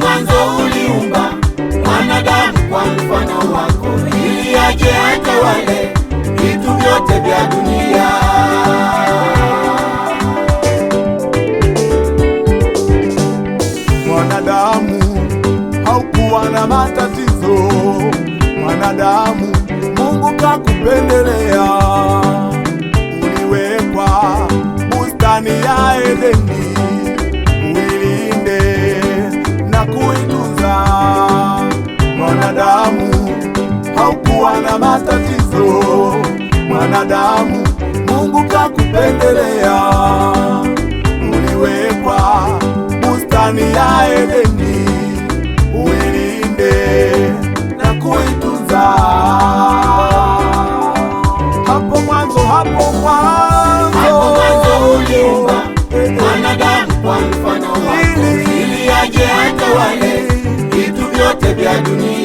mwanzo uliumba mwanadamu kwa mfano wako, ili aje atawale vitu vyote vya dunia. Mwanadamu haukuwa na matatizo, mwanadamu Mungu kakupendelea, uliwekwa bustani ya Edeni kuwa na matatizo mwanadamu, Mungu kakupendelea. Uliwekwa bustani ya Edeni, uilinde na kuituza. Hapo mwanzo, hapo mwanzo uliumba mwanadamu kwa mfano wako, ili aje atawale vitu vyote vya dunia.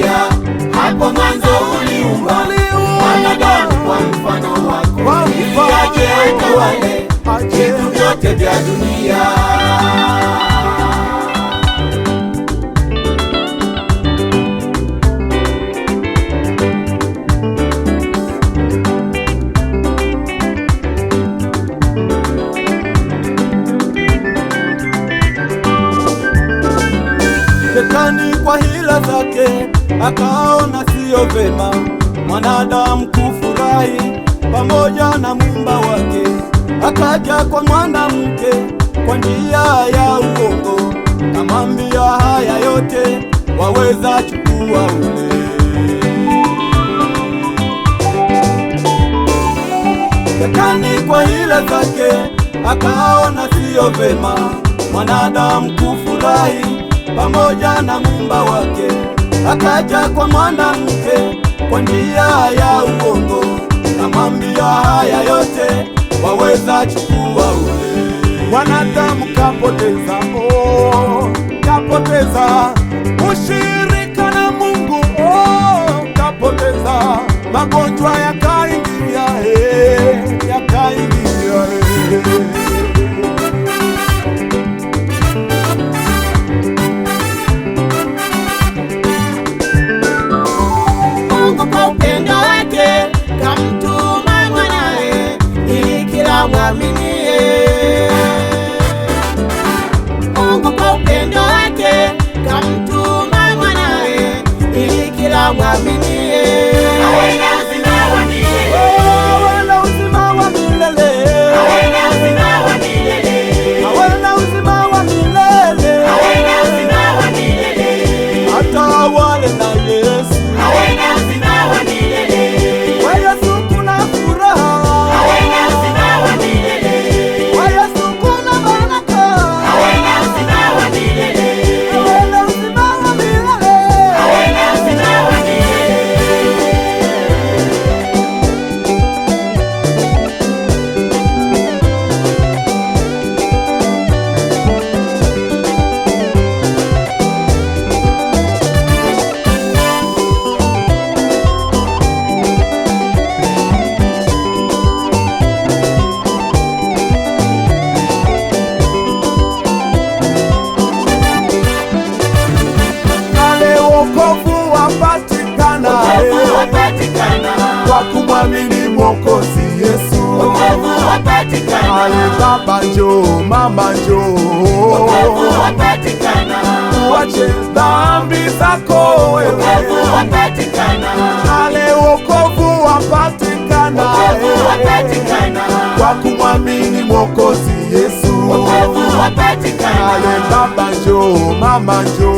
ya dunia. Shetani kwa hila zake akaona siyo vema mwanadamu kufurahi pamoja na mumba wa akaja kwa mwanamke kwa njia ya uongo, kamwambia haya yote waweza chukua ule Shetani kwa hila zake akaona siyo vema mwanadamu kufurahi pamoja na mumba wake, akaja kwa mwanamke kwa njia ya uongo, kamwambia haya yote waweza chukua ule wanadamu kapoteza, oh, kapoteza ushirika na Mungu, oh, kapoteza magonjwa ya wale na Yesu. Awe na Mwokozi Yesu, wokovu wapatikana. Ale baba njoo, mama njoo, wokovu wapatikana. Uache dhambi zako wewe, wokovu wapatikana. Ale wokovu wapatikana, wokovu wapatikana. Kwa kumwamini Mwokozi Yesu, wokovu wapatikana. Ale baba njoo, mama njoo